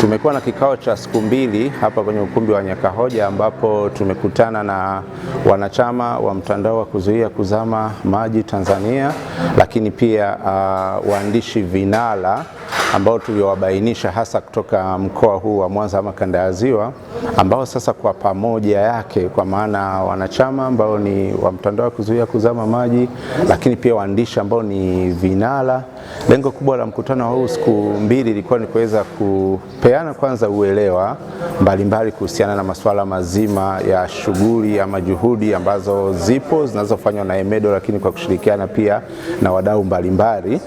Tumekuwa na kikao cha siku mbili hapa kwenye ukumbi wa Nyakahoja ambapo tumekutana na wanachama wa mtandao wa kuzuia kuzama maji Tanzania, lakini pia uh, waandishi vinara ambao tuliowabainisha hasa kutoka mkoa huu wa Mwanza ama kanda ya Ziwa, ambao sasa kwa pamoja yake kwa maana wanachama ambao ni wa mtandao wa kuzuia kuzama maji, lakini pia waandishi ambao ni vinara. Lengo kubwa la mkutano huu siku mbili ilikuwa ni kuweza kupeana kwanza uelewa mbalimbali kuhusiana na masuala mazima ya shughuli ama juhudi ambazo zipo zinazofanywa na EMEDO, lakini kwa kushirikiana pia na wadau mbalimbali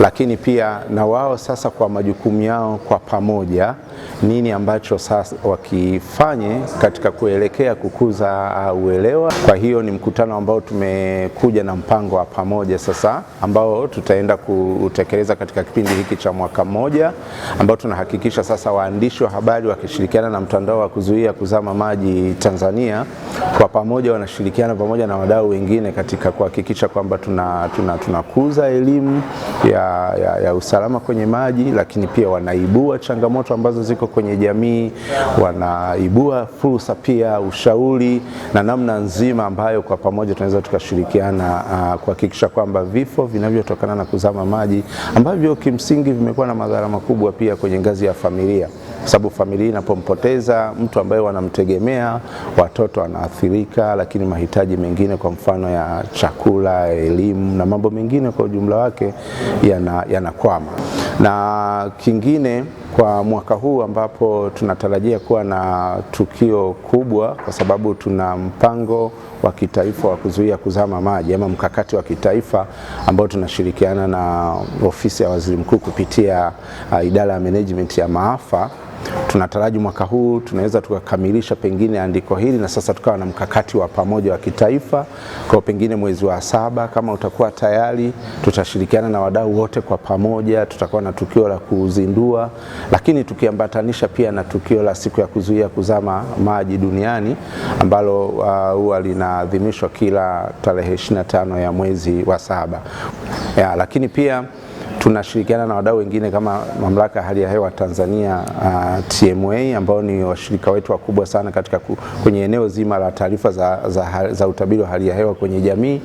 lakini pia na wao sasa kwa majukumu yao kwa pamoja, nini ambacho sasa wakifanye katika kuelekea kukuza uh, uelewa. Kwa hiyo ni mkutano ambao tumekuja na mpango wa pamoja sasa ambao tutaenda kutekeleza katika kipindi hiki cha mwaka mmoja, ambao tunahakikisha sasa waandishi wa habari wakishirikiana na mtandao wa kuzuia kuzama maji Tanzania kwa pamoja wanashirikiana pamoja na wadau wengine katika kuhakikisha kwamba tunakuza tuna, tuna elimu ya, ya, ya usalama kwenye maji, lakini pia wanaibua changamoto ambazo ziko kwenye jamii, wanaibua fursa pia, ushauri na namna nzima ambayo kwa pamoja tunaweza tukashirikiana ah, kuhakikisha kwamba vifo vinavyotokana na kuzama maji ambavyo kimsingi vimekuwa na madhara makubwa pia kwenye ngazi ya familia kwa sababu familia inapompoteza mtu ambaye wanamtegemea, watoto wanaathirika, lakini mahitaji mengine kwa mfano ya chakula, elimu na mambo mengine kwa ujumla wake yanakwama yana na kingine kwa mwaka huu ambapo tunatarajia kuwa na tukio kubwa, kwa sababu tuna mpango wa kitaifa wa kuzuia kuzama maji ama mkakati wa kitaifa ambao tunashirikiana na ofisi ya waziri mkuu kupitia uh, idara ya management ya maafa tunataraji mwaka huu tunaweza tukakamilisha pengine andiko hili na sasa tukawa na mkakati wa pamoja wa kitaifa. Kwa pengine mwezi wa saba kama utakuwa tayari, tutashirikiana na wadau wote kwa pamoja, tutakuwa na tukio la kuzindua, lakini tukiambatanisha pia na tukio la siku ya kuzuia kuzama maji duniani ambalo uh, huwa uh, linaadhimishwa kila tarehe 25 ya mwezi wa saba ya, lakini pia tunashirikiana na wadau wengine kama mamlaka ya hali ya hewa Tanzania uh, TMA ambao ni washirika wetu wakubwa sana katika ku, kwenye eneo zima la taarifa za, za, za utabiri wa hali ya hewa kwenye jamii,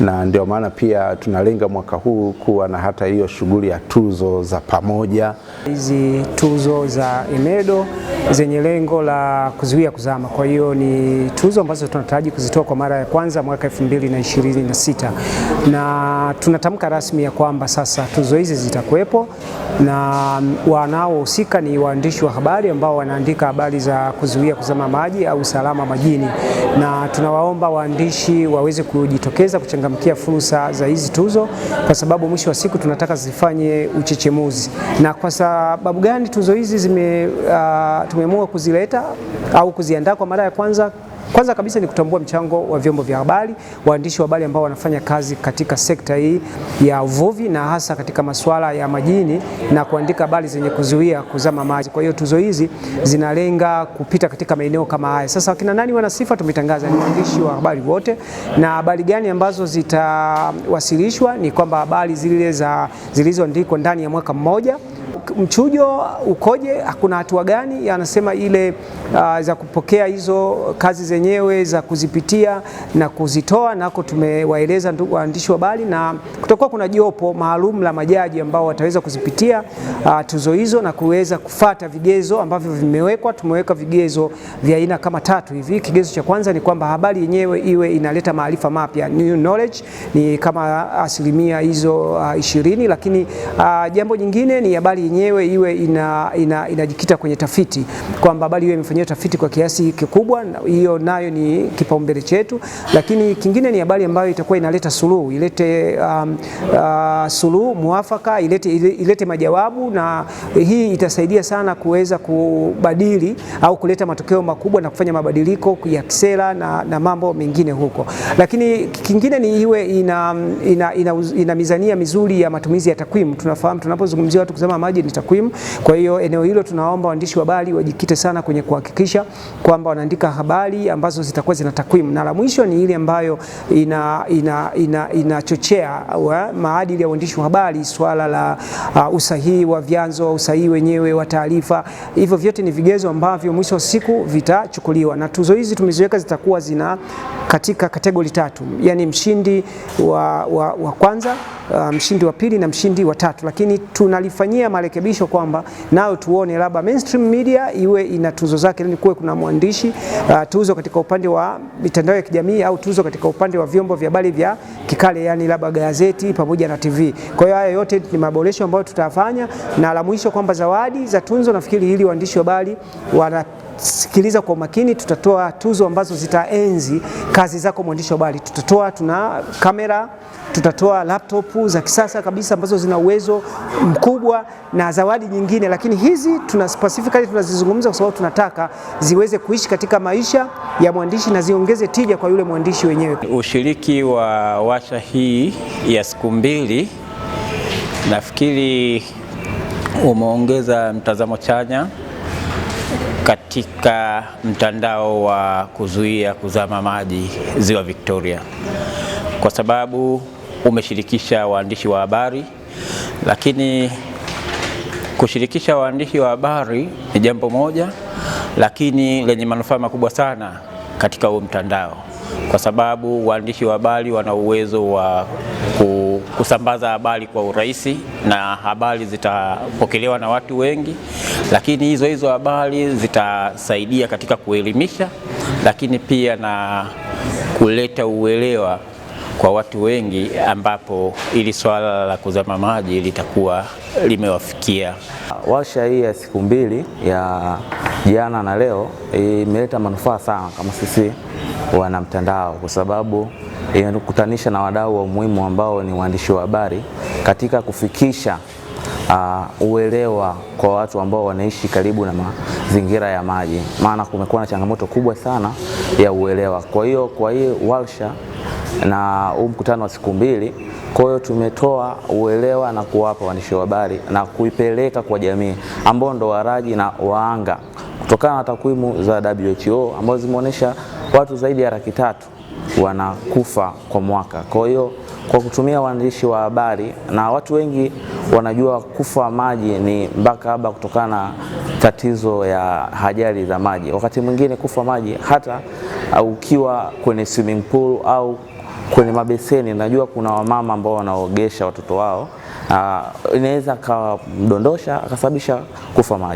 na ndio maana pia tunalenga mwaka huu kuwa na hata hiyo shughuli ya tuzo za pamoja, hizi tuzo za Imedo zenye lengo la kuzuia kuzama. Kwa hiyo ni tuzo ambazo tunataraji kuzitoa kwa mara ya kwanza mwaka 2026 na tunatamka rasmi ya kwamba sasa tuzo hizi zitakuwepo na um, wanaohusika ni waandishi wa habari ambao wanaandika habari za kuzuia kuzama maji au usalama majini, na tunawaomba waandishi waweze kujitokeza kuchangamkia fursa za hizi tuzo, kwa sababu mwisho wa siku tunataka zifanye uchechemuzi. Na kwa sababu gani tuzo hizi zime uh, tumeamua kuzileta au kuziandaa kwa mara ya kwanza kwanza kabisa ni kutambua mchango wa vyombo vya habari, waandishi wa habari ambao wanafanya kazi katika sekta hii ya uvuvi na hasa katika masuala ya majini na kuandika habari zenye kuzuia kuzama maji. Kwa hiyo tuzo hizi zinalenga kupita katika maeneo kama haya. Sasa wakina nani wana sifa? Tumetangaza ni waandishi wa habari wote. Na habari gani ambazo zitawasilishwa? Ni kwamba habari zile za zilizoandikwa ndani ya mwaka mmoja mchujo ukoje? Hakuna hatua gani? Anasema ile uh, za kupokea hizo kazi zenyewe za kuzipitia na kuzitoa, nako tumewaeleza waandishi wa habari, na kutakuwa kuna jopo maalum la majaji ambao wataweza kuzipitia uh, tuzo hizo na kuweza kufata vigezo ambavyo vimewekwa. Tumeweka vigezo vya aina kama tatu hivi. Kigezo cha kwanza ni kwamba habari yenyewe iwe inaleta maarifa mapya, new knowledge, ni kama asilimia hizo uh, ishirini, lakini uh, jambo jingine ni habari yenyewe iwe inajikita ina, ina kwenye tafiti kwamba bali iwe imefanyiwa tafiti kwa kiasi kikubwa, hiyo nayo ni kipaumbele chetu. Lakini kingine ni habari ambayo itakuwa inaleta suluhu, ilete um, uh, suluhu muafaka ilete, ilete majawabu, na hii itasaidia sana kuweza kubadili au kuleta matokeo makubwa na kufanya mabadiliko ya kisera na, na mambo mengine huko. Lakini kingine ni iwe ina, ina, ina, ina, ina mizania mizuri ya matumizi ya takwimu. Tunafahamu tunapozungumzia watu kusema maji hizi ni takwimu. Kwa hiyo eneo hilo tunaomba waandishi wa habari wajikite sana kwenye kuhakikisha kwamba wanaandika habari ambazo zitakuwa zina takwimu, na la mwisho ni ile ambayo inachochea ina, ina, ina maadili ya uandishi wa habari, swala la uh, usahihi wa vyanzo, usahihi wenyewe wa taarifa. Hivyo vyote ni vigezo ambavyo mwisho wa siku vitachukuliwa, na tuzo hizi tumeziweka zitakuwa zina katika kategori tatu, yani mshindi wa, wa, wa kwanza uh, mshindi wa pili na mshindi wa tatu, lakini tunalifanyia marekebisho kwamba nayo tuone labda mainstream media iwe ina tuzo zake, ni kuwe kuna mwandishi uh, tuzo katika upande wa mitandao ya kijamii au tuzo katika upande wa vyombo vya habari vya kikale, yani labda gazeti pamoja na TV. Kwa hiyo haya yote ni maboresho ambayo tutafanya, na la mwisho kwamba zawadi za tunzo, nafikiri hili waandishi wa habari wana Sikiliza kwa makini, tutatoa tuzo ambazo zitaenzi kazi zako mwandishi wa habari. Tutatoa, tuna kamera, tutatoa laptop za kisasa kabisa ambazo zina uwezo mkubwa na zawadi nyingine, lakini hizi tuna specifically tunazizungumza kwa sababu tunataka ziweze kuishi katika maisha ya mwandishi na ziongeze tija kwa yule mwandishi wenyewe. Ushiriki wa washa hii ya siku mbili nafikiri umeongeza mtazamo chanya katika mtandao wa kuzuia kuzama maji ziwa Victoria, kwa sababu umeshirikisha waandishi wa habari, lakini kushirikisha waandishi wa habari ni jambo moja, lakini lenye manufaa makubwa sana katika huu mtandao, kwa sababu waandishi wa habari wana uwezo wa ku kusambaza habari kwa urahisi na habari zitapokelewa na watu wengi, lakini hizo hizo habari zitasaidia katika kuelimisha, lakini pia na kuleta uelewa kwa watu wengi ambapo ili swala la kuzama maji litakuwa limewafikia. washa hii ya siku mbili ya jana na leo imeleta manufaa sana kama sisi wana mtandao kwa sababu inakutanisha na wadau wa muhimu ambao ni waandishi wa habari katika kufikisha Uh, uelewa kwa watu ambao wanaishi karibu na mazingira ya maji, maana kumekuwa na changamoto kubwa sana ya uelewa. Kwa hiyo kwa hii warsha na huu mkutano wa siku mbili, kwa hiyo tumetoa uelewa na kuwapa waandishi wa habari na kuipeleka kwa jamii ambao ndo waraji na waanga, kutokana na takwimu za WHO ambazo zimeonyesha watu zaidi ya laki tatu wanakufa kwa mwaka. Kwa hiyo kwa kutumia waandishi wa habari, na watu wengi wanajua kufa maji ni mpaka labda kutokana na tatizo ya ajali za maji. Wakati mwingine kufa maji hata ukiwa kwenye swimming pool au kwenye mabeseni. Najua kuna wamama ambao wanaogesha watoto wao, inaweza akamdondosha akasababisha kufa maji.